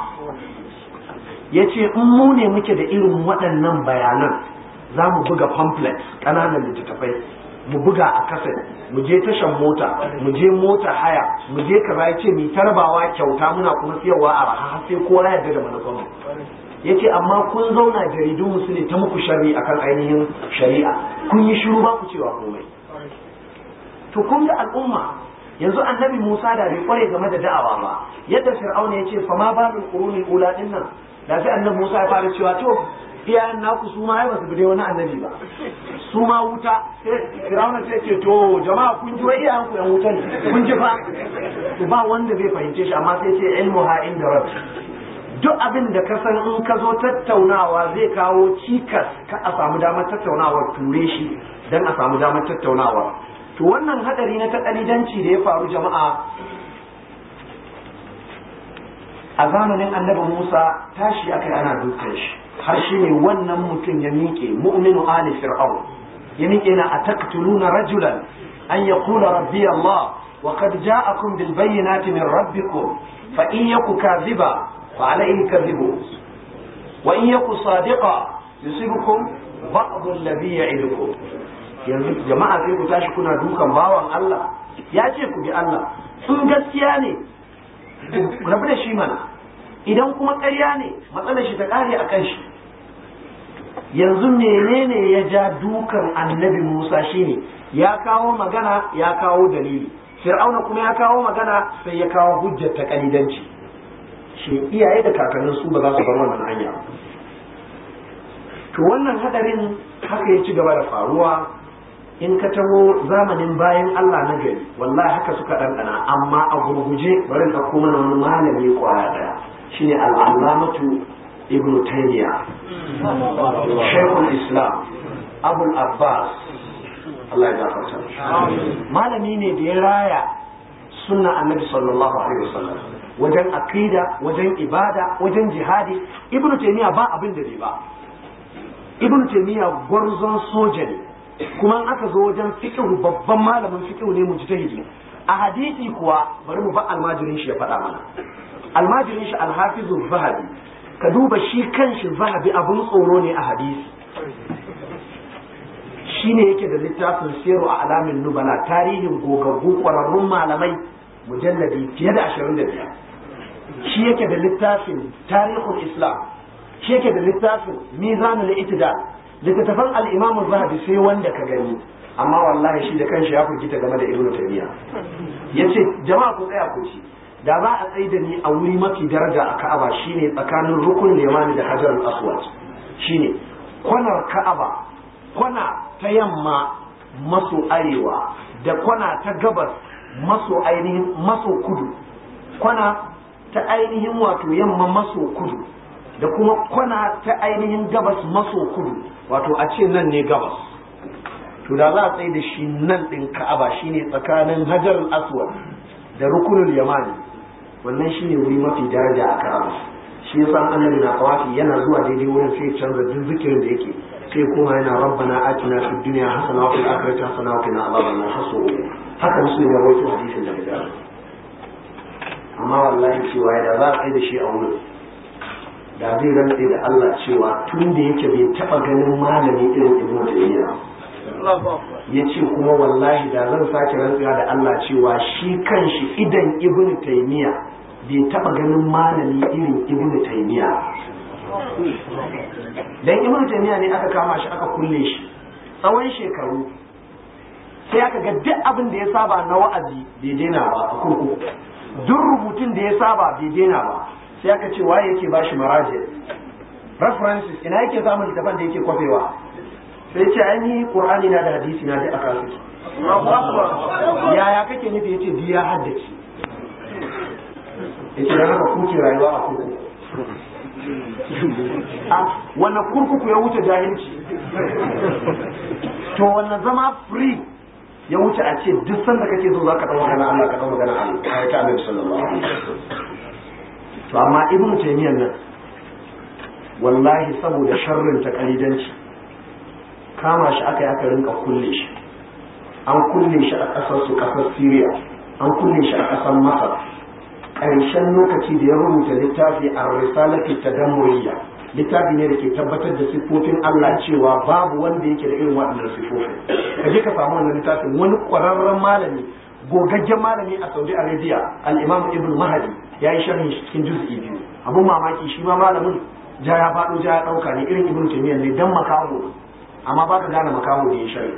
ya ce in mu ne muke da irin waɗannan bayanan za mu buga pamphlet ƙananan littattafai mu buga a kasa mu je tashan mota mu je mota haya mu je kaza ya ce mu tarbawa kyauta muna kuma siyarwa a raha sai kowa ya yarda da manufan mu ya ce amma kun zauna jaridu musu ne ta muku shari akan ainihin shari'a kun yi shiru ba ku cewa komai to kun ga al'umma yanzu annabi Musa da bai kware game da da'awa ba yadda Fir'auna ya ce fa ma babul qurunil ula dinnan da sai annabi Musa ya fara cewa to iya naku su ma ya basu bude wani annabi ba su ma wuta firawuna sai ce to jama'a kun ji wai iyayen yan wutan kun ji fa ba wanda zai fahimce shi amma sai ce ilmu ha inda rabbi duk abin da ka san in ka zo tattaunawa zai kawo cikas ka a samu damar tattaunawa ture shi dan a samu damar tattaunawa to wannan hadari na takalidanci da ya faru jama'a a zamanin annabi Musa tashi aka ana dukkan shi har shi ne wannan mutum ya miƙe mu'minu ali fir'aun ya miƙe na ataqtuluna rajulan an yaqula rabbi Allah wa qad ja'akum bil bayyinati min rabbikum fa in yaku kadhiba fa alayhi kadhibu wa in yaku sadiqa yusibukum ba'du alladhi ya'idukum yanzu jama'a sai ku tashi kuna dukan bawan Allah ya ce ku bi Allah sun gaskiya ne rabu da shi mana idan kuma ƙarya ne matsalar shi ta ƙare a kan shi yanzu menene ya ja dukan annabi musa shine ya kawo magana ya kawo dalili fir'auna kuma ya kawo magana sai ya kawo hujjar ta kalidanci shi iyaye da kakannin su ba za su bar wannan hanya to wannan hadarin haka ya ci gaba da faruwa in ka taho zamanin bayan Allah na gari wallahi haka suka ɗanɗana amma a gurguje bari ka kuma malami kwaya ɗaya Shi ne al'allamatu ibn taymiya shekul islam abul abbas Allah ya gafarta malami ne da ya raya sunna annabi sallallahu alaihi wasallam wajen aqida wajen ibada wajen jihadi ibn taymiya ba abin da bai ba ibn taymiya gwarzon soja ne kuma aka zo wajen fiqh babban malamin fiqh ne mujtahidi a hadisi kuwa bari mu ba almajirin shi ya faɗa mana almajirin shi alhafizu zahabi ka duba shi kanshi zahabi abun tsoro ne a hadisi shine yake da littafin siru a alamin nubala tarihin gogaggu kwararrun malamai mujalladi fiye da biyar. shi yake da littafin tarihin islam shi yake da littafin mizanul itidal littattafan al zahabi sai wanda ka gani amma wallahi shi da kanshi ya furgita game da ibnu taymiya yace jama'a ku tsaya ku ci da za a tsaye da ni a wuri mafi daraja a ka'aba shine tsakanin rukun limani da hajar aswad shine kwanar ka'aba kwana ta yamma maso arewa da kwana ta gabas maso ainihin maso kudu kwana ta ainihin wato yamma maso kudu da kuma kwana ta ainihin gabas maso kudu wato a ce nan ne gabas to da za a tsaye da shi nan ɗin ka'aba shine tsakanin hajar aswad da rukunin yamani wannan shine wuri mafi daraja a ka'aba shi yasa annabi na tawafi yana zuwa daidai wurin sai canza duk zikirin da yake sai kuma yana rabbana atina fid dunya hasana wa fil akhirati hasana wa qina adhaban hasu haka su ya rawaito hadisin da da amma wallahi cewa ya za a da shi a wurin da zai rantse da Allah cewa tun da yake bai taba ganin malami irin ibnu taymiya ya ce kuma wallahi da zan sake rantsuwa da Allah cewa shi kanshi idan ibnu taimiya bai taba ganin manani irin ibn taimiya dan ibnu taimiya ne aka kama shi aka kulle shi tsawon shekaru sai aka ga duk abin da ya saba na wa'azi bai daina ba a kurkuku duk rubutun da ya saba bai daina ba sai aka ce waye yake bashi maraje references ina yake samun littafin da yake kwafewa sai ce ainihi qur'ani na da hadisi na duk a kasu yaya kake nufi yace biya haddaci yace dan haka kuke rayuwa a kurkuku a ah, wannan kurkuku ya wuce jahilci to wannan zama free ya wuce a ce duk sanda kake zo za ka dawo magana Allah ka dawo magana Allah ta Annabi sallallahu alaihi wasallam to amma ibnu taymiyyah nan wallahi saboda sharrin ta kalidanci kama shi aka yi aka rinka kulle shi an kulle shi a ƙasar su ƙasar syria an kulle shi a ƙasar masar ƙarshen lokaci da ya rubuta littafi a risalatu ta Dan damuriya littafi ne da ke tabbatar da sifofin Allah cewa babu wanda yake da irin waɗannan siffofin ka je ka samu wannan littafin wani ƙwararren malami gogaggen malami a saudi arabia al'imam ibn mahadi ya yi sharhin cikin juz'i biyu abun mamaki shi ma malamin ja ya faɗo ja ya ɗauka ne irin ibn taymiyyah ne dan makaho amma ba ka gane makaho da ya shari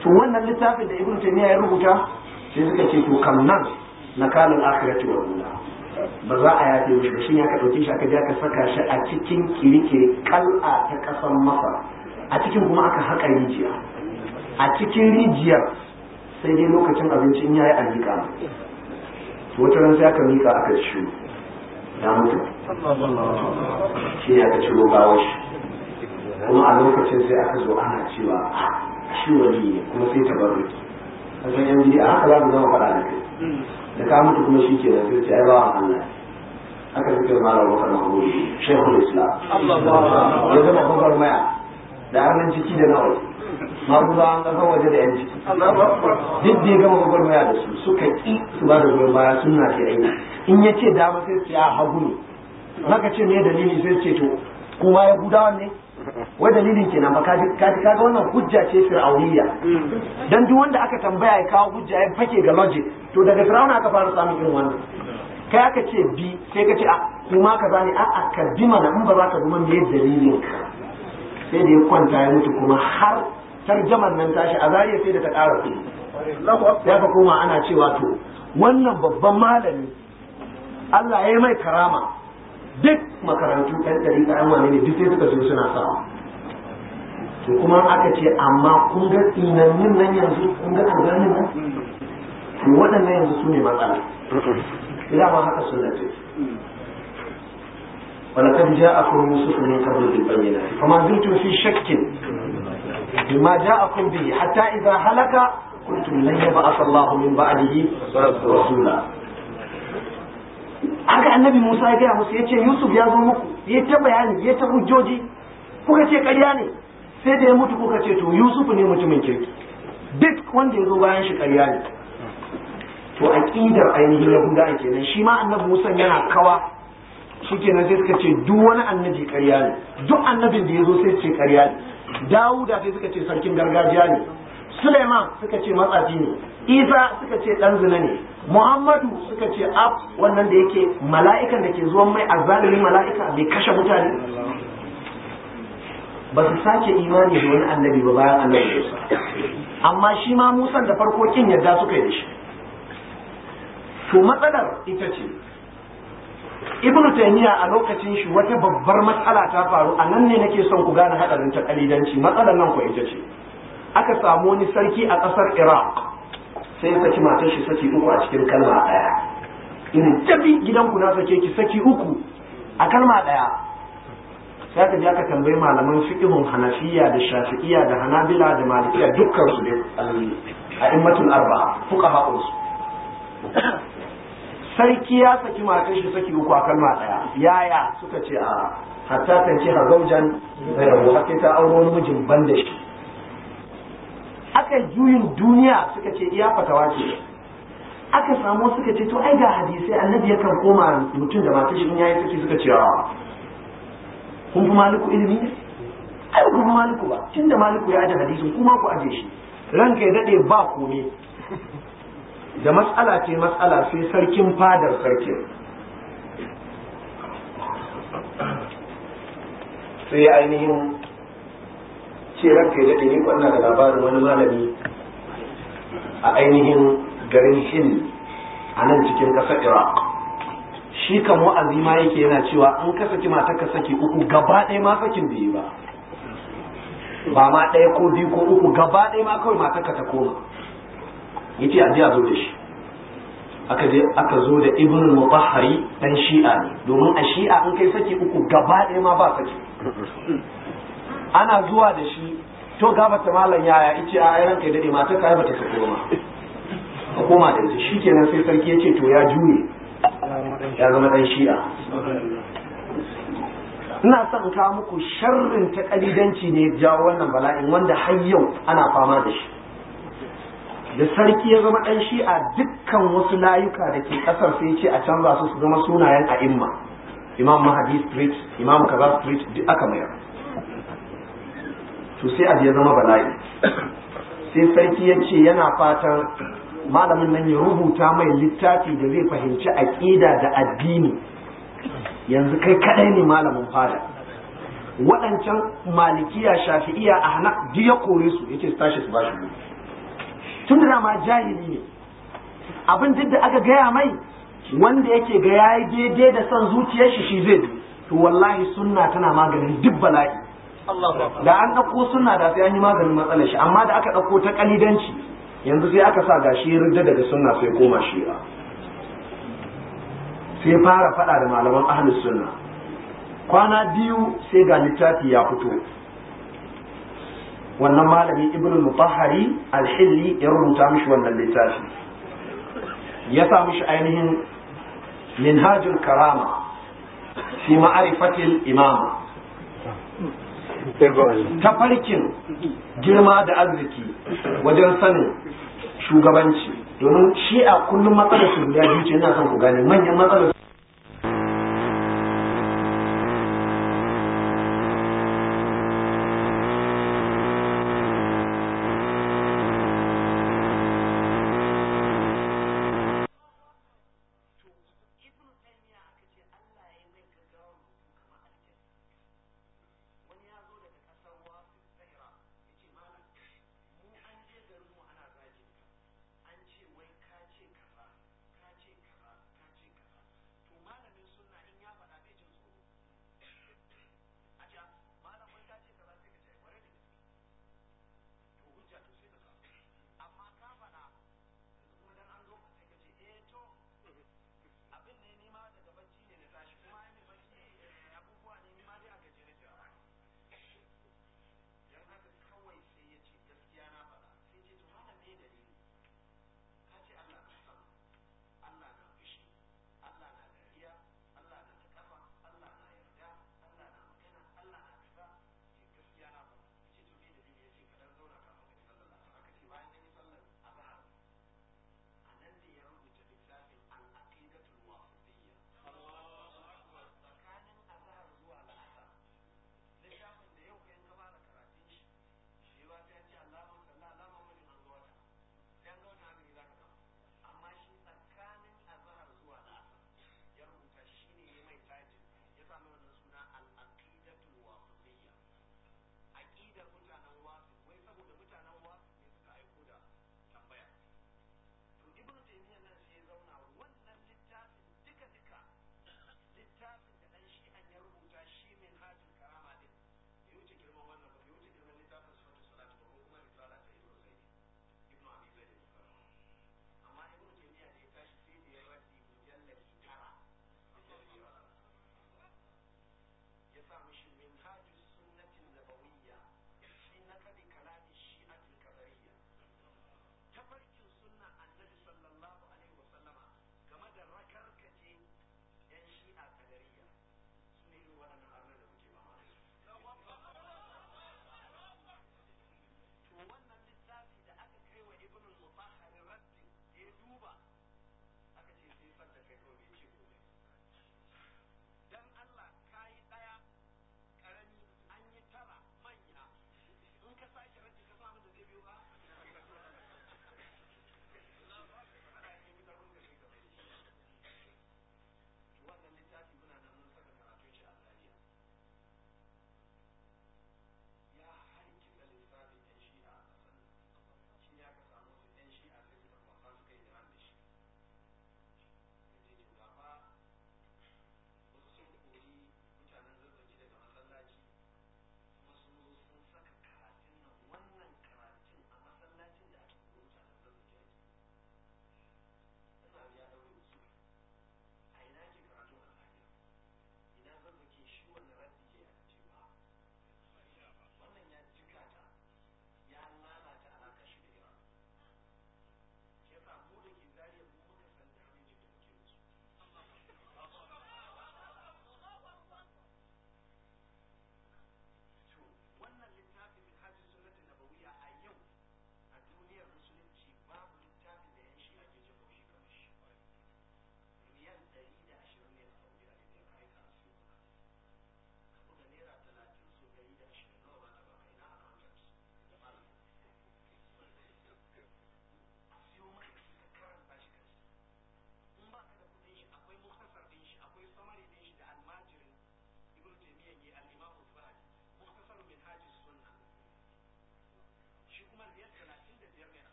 to wannan littafin da ibn taymiya ya rubuta sai suka ce to kan nan na kalin akhirati wa ula ba za a yafe mishi ba shin ya ka dauke shi aka je aka saka shi a cikin kirikiri kal'a ta kasan masa a cikin kuma aka haƙa rijiya a cikin rijiyar sai dai lokacin abincin yayi a miƙa wata ran sai aka miƙa aka ci ya mutu shi ne aka ciro gawar shi kuma a lokacin sai aka zo ana cewa shi wani ne kuma sai ta a kasan yan a haka za ku zama faɗa da kai da ka mutu kuma shi ke da sai ce ai ba Allah haka suke malam bakar mahmud shehul islam ya zama bakar maya da hannun ciki da nawa maguza an kafa waje da yan ciki duk da ya gama bakar maya da su suka ki su ba da goyon baya suna ke aini in ya ce dama sai su ya hagu ne maka ce me dalili sai ce to kuma ya gudawa ne wai dalilin kenan ba kaji kaga wannan hujja ce fir'auniya dan duk wanda aka tambaya ya kawo hujja ya fake ga logic to daga fir'auna aka fara samun irin wannan kai aka ce bi sai ka ce a kuma ka zani a a ka bi mana in ba za ka zama me dalilin ka sai da ya kwanta ya mutu kuma har tarjamar nan tashi a zariya sai da ta ƙara kuɗi ya ka koma ana cewa to wannan babban malami Allah ya yi mai karama duk makarantu ɗan ɗari ɗan an wane ne duk sai suka zo suna sa to kuma aka ce amma kun ga tunanin nan yanzu kun ga tunanin nan to waɗannan yanzu su ne matsala ila ma haka sun lantai wala kan ja a kun musu su ne kabin dubban yana amma zai to fi shakkin bima ja a kun bi hatta idan halaka kuntum lan yaba asallahu min ba'dihi rasula haka annabi Musa ya gaya musu ce Yusuf ya zo muku ya ta bayani ya ta hujjoji kuka ce ƙarya ne sai da ya mutu kuka ce to Yusuf ne mutumin kirki duk wanda ya zo bayan shi ƙarya ne to a aqidar ainihin Yahuda kenan shi ma annabi Musa yana kawa shi nan sai suka ce duk wani annabi ƙarya ne duk annabin da ya zo sai ce ƙarya ne Dawuda sai suka ce sarkin gargajiya ne Suleiman suka ce matsafi ne Isa suka ce ɗan zina ne Muhammadu suka ce ab wannan da yake mala'ikan da ke zuwan mai azzalimin mala'ika mai kashe mutane ba su sake imani da wani annabi ba bayan annabi Musa amma shi ma musan da farko kin yadda suka yi da shi to matsalar ita ce Ibn Taymiya a lokacin shi wata babbar matsala ta faru a nan ne nake son ku gane hadarin ta kalidanci matsalar nan ko ita ce aka samu wani sarki a ƙasar iraq sai ya saki matar shi saki uku a cikin kalma ɗaya irin tabi gidanku na sake ki saki uku a kalma ɗaya sai aka je aka tambayi malaman fiqhun hanafiya da shafi'iya da hanabila da malikiya dukkan su a immatul Arba fuqaha su sarki ya saki matar shi saki uku a kalma ɗaya yaya suka ce a hatta kan ce har zaujan sai rabu hatta ta auro wani mijin ban da shi aka juyin duniya suka ce iya fatawa ce aka samu suka ce to ai ga hadisai annabi kan koma mutum da matar shi in yayi saki suka ce kun fi maliku ilimi ne ai kun fi maliku ba tun da maliku ya aje hadisin kuma ku aje shi ranka ya dade ba kome da matsala ce matsala sai sarkin fadar sarkin sai ainihin ce ranka ya daɗe ni kwanna da labarin wani malami a ainihin garin shin a nan cikin ƙasar iraq shi kan wa'azi ma yake yana cewa an ka saki mata ka saki uku gaba ɗaya ma sakin bai ba ba ma ɗaya ko biyu ko uku gaba ɗaya ma kawai mata ka ta koma yace a zo da shi aka je aka zo da ibn Mubahari dan shi'a ne domin a shi'a in kai saki uku gaba ɗaya ma ba saki ana zuwa da shi to gabata malam yaya ice a ayyan kai dade mata kai bata sako ba a koma da ita shikenan sai sarki ya ce to ya juye ya zama dan shi'a ina son ka muku sharrin ta kalidanci ne jawo wannan bala'in wanda har yau ana fama da shi da sarki ya zama dan shi'a dukkan wasu layuka da ke kasar sai ce a canza su su zama sunayen a'imma imam mahadi street imam kaza street duk aka mayar to sai abu ya zama bala'i sai sarki ya ce yana fatan malamin nan ya rubuta mai littafi da zai fahimci aƙida da addini yanzu kai kadai ne malamin fada waɗancan malikiya shafi'iya a hana ya kore su ya ce su tashi su ba shi tun da ma jahili ne abin duk da aka gaya mai wanda yake ga yayi daidai da son zuciyar shi shi zai to wallahi sunna tana maganin duk bala'i da an ɗauko suna da sai an yi maganin matsalar shi amma da aka ɗauko ta kalidanci yanzu sai aka sa gashi ridda daga sunna sai koma shi'a sai fara faɗa da malaman ahlus sunna kwana biyu sai ga littafi ya fito wannan malami ibnu mutahhari al-hilli ya rubuta mishi wannan littafi ya sa mishi ainihin minhajul karama fi ma'arifatil imama tafarkin girma da arziki wajen sanin shugabanci domin shi a kullum matsalar su ya biyu ce yana son ku gane manyan matsalar